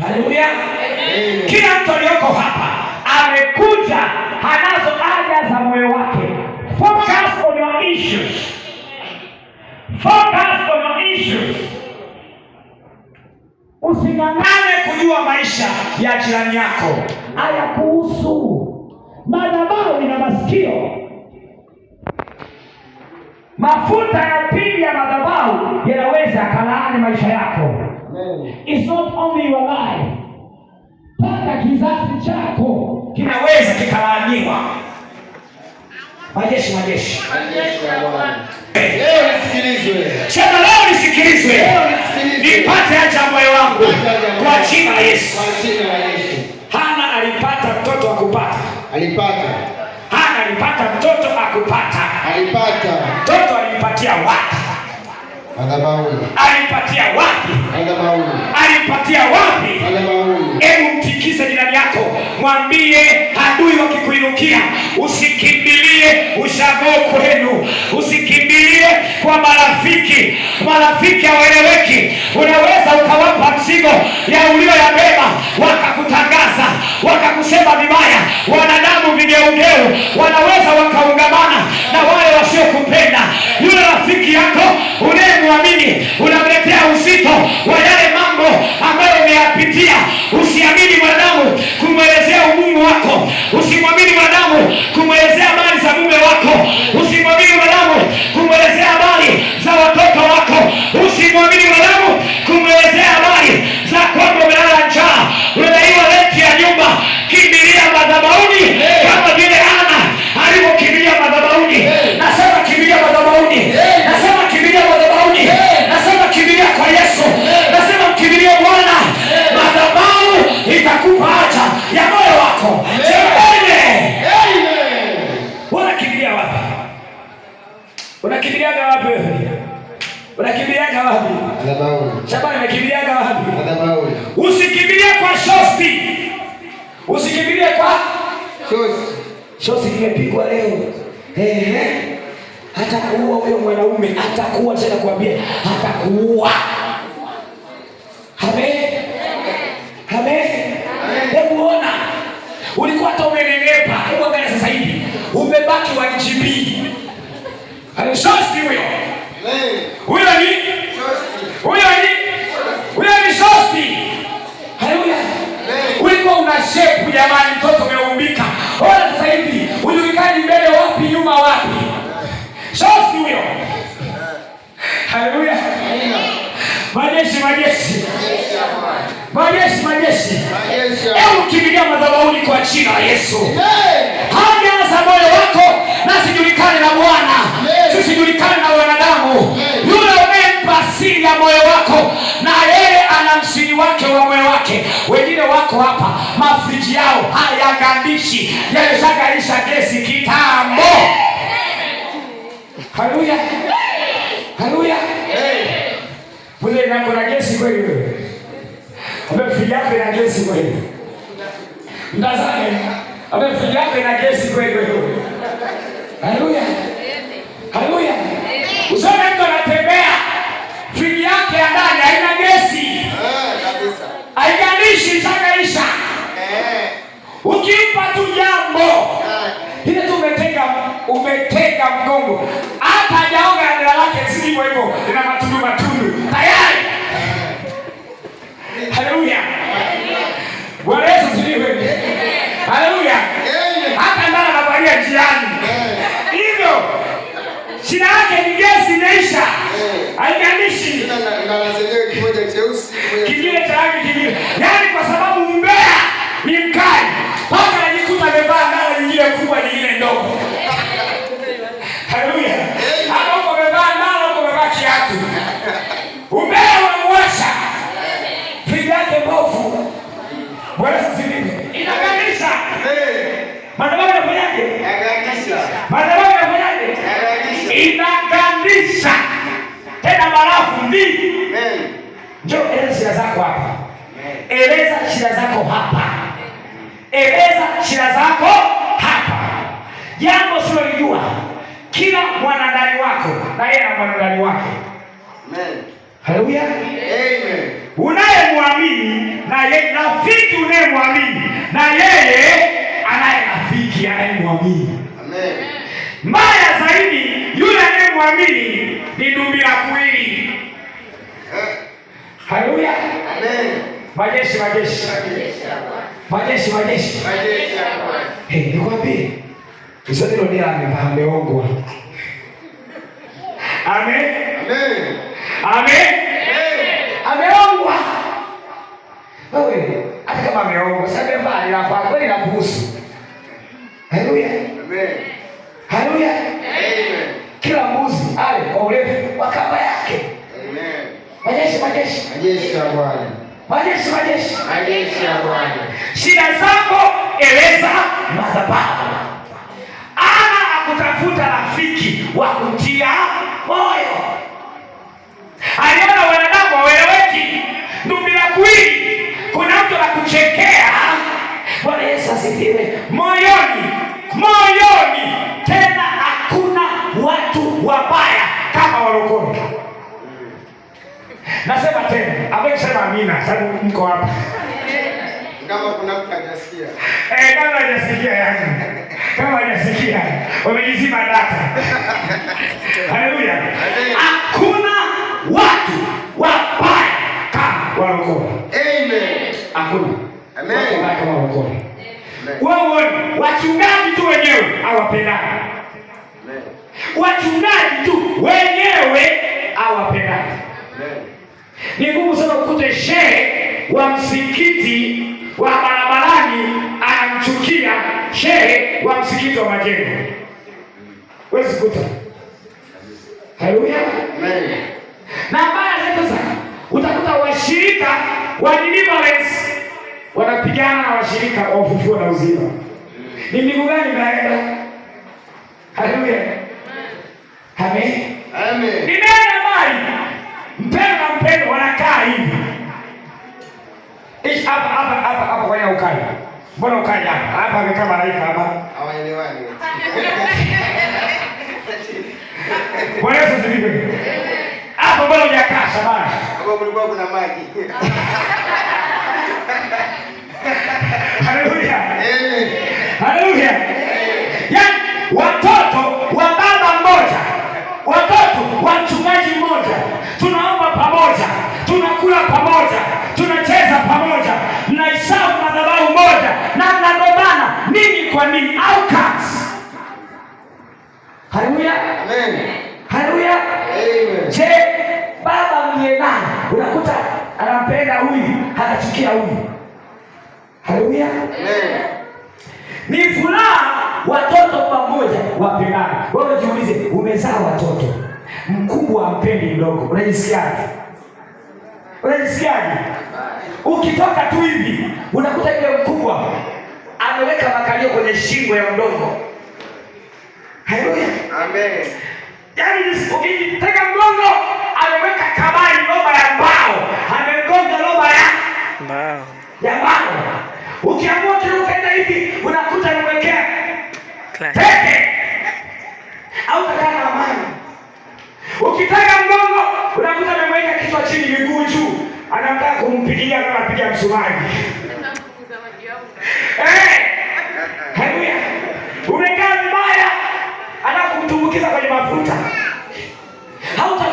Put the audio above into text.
Haleluya! Kila mtu aliyoko hapa amekuja, anazo haja za moyo wake. Focus on your issues. Focus on your issues. Using'ang'ane kujua maisha ya jirani yako hayakuhusu. Madhabahu ina masikio. Mafuta ya pili ya madhabahu yanaweza akalaani maisha yako. It's not only your life. Mpaka kizazi chako kinaweza kikalaaniwa. Majeshi, majeshi. Leo nisikilizwe. Sema leo nisikilizwe, nipate haja moyo wangu kwa jina la Yesu. Hana alipata mtoto wa kupata. alipata. Hana alipata mtoto akupata, alipata. Mtoto alimpatia wapi? Alipatia wapi? Alimpatia wapi? Hebu mtikize jirani yako, mwambie adui wakikuinukia, usikimbilie ushago kwenu, usikimbilie kwa marafiki. Marafiki hawaeleweki. Unaweza ukawapa mzigo ya bema, wakakutangaza, wakakusema vibaya, wanadamu vigeugeu, wanaweza wakaungamana na wale wasiokupenda. Yule rafiki yako usiamini, unamletea uzito wa yale mambo ambayo umeyapitia. Usiamini mwanadamu kumwelezea ugumu wako, usimwamini mwanadamu kumwelezea shosi limepigwa leo. Ehe, hatakuua huyo mwanaume, hatakuua tena, kuambia hatakuua. Amen, amen. Hebu ona, ulikuwa hata umenenepa. Hebu angalia sasa hivi umebaki wa GB shosi huyo huyo ni huyo ni huyo ni shosi. Haleluya! Ulikuwa una shepu jamani, mtoto umeu Bora sasa hivi ujulikani mbele wapi, nyuma wapi, shosi huyo. Haleluya! majeshi majeshi majeshi majeshi, hebu kimbilia madhabahuni kwa jina la Yesu. Hajaza moyo wako, nasijulikane na Bwana. mafriji yao hayagandishi, yalishagandisha gesi kitambo. haluya haluya mwenye nako na gesi kweli, wewe umefriji yako ina gesi kweli, mtazame, umefriji yako ina gesi kweli, wewe. Haleluya, haleluya. Usome mtu anatembea friji yake ya ndani haina gesi, eh, haigandishi, ishagaisha mgongo ile tu umetega umetega mgongo, hata hajaoga lake hivyo, ina matundu matundu tayari. Haleluya, Bwana Yesu Haleluya, hata anavalia hivyo, yake ni gesi haijalishi kingine cha rangi kingine, yaani kwa sababu madhabahu yafanyaje? Inagandisha tena barafu mbili. Njoo eleza shida zako hapa, eleza shida zako hapa, eleza shida zako hapa. Jambo silolijua kila mwanadani wako na yeye na mwanadani wake. Haleluya, unayemwamini na yeye, rafiki unayemwamini na yeye, anaye rafiki anayemwamini. Amen. Mbaya zaidi yule anayemwamini ni dubi dumbila kuwili. Eh. Haleluya. Amen. Majeshi majeshi. Majeshi majeshi. Majeshi ya Bwana. Eh, nikwambie. Uzuri ndio ameongwa. Amen. Amen. Amen. Ameongwa. Wewe, hata kama ameongwa, sasa kwa kweli na kuhusu. Haleluya. majeshi majeshi majeshi ya Bwana, majeshi majeshi majeshi ya Bwana. Shida zako eleza madhabahu. Ana akutafuta rafiki wa kutia moyo. Aliona wanadamu waeleweki, ndumbila kwili, kuna mtu anakuchekea Nasema tena, ambaye sema amina, sababu mko hapa. Kama kuna mtu hajasikia. Eh, kama hajasikia yani. Kama hajasikia, wamejizima data. Haleluya. Hakuna watu wabaya kama waokoa. Amen. Hakuna. Amen. Wabaya kama waokoa. Wewe wachungaji tu wenyewe hawapendani. amen Wachungaji tu wenyewe hawapendani. Ni ngumu sana ukute shehe wa msikiti wa barabarani anamchukia shehe wa msikiti wa majengo. Wezi kuta. Haleluya. Amen. Na mbaya sasa utakuta washirika wa deliverance wanapigana na washirika wa ufufuo na uzima. Ni mbingu gani mnaenda? Haleluya. Amen. Amen. Mbona ukaja hapa amekaa malaika hapa? Hawaelewani. Kwa nini asifiwe. Hapo mbona hujakaa shabani? Hapo kulikuwa kuna maji. Haleluya. Amen. Haleluya. Yaani watoto wa baba mmoja, watoto wa mchungaji mmoja. Tuna kwa ni outcast. Haleluya. Amen. Haleluya. Amen. Je, baba mwenye nani unakuta anampenda huyu anachukia huyu. Haleluya. Amen. Ni furaha watoto pamoja wapendana Wewe jiulize, umezaa watoto, mkubwa ampendi mdogo, unajisikiaje? Unajisikiaje ukitoka tu hivi unakuta yule mkubwa ameweka makalio kwenye shingo ya mdomo. Haleluya, amen. Yaani Yani ukiteka mgongo, ameweka kabari roba ya mbao, amegonga roba ya mbao ya mbao. Ukiamua ukaenda hivi, unakuta amewekea teke au takaa amani. Ukiteka mgongo, unakuta ameweka kichwa chini, miguu juu, anataka kumpigia, anapiga msumari umekaa mbaya, kutumbukiza kwenye mafuta hauta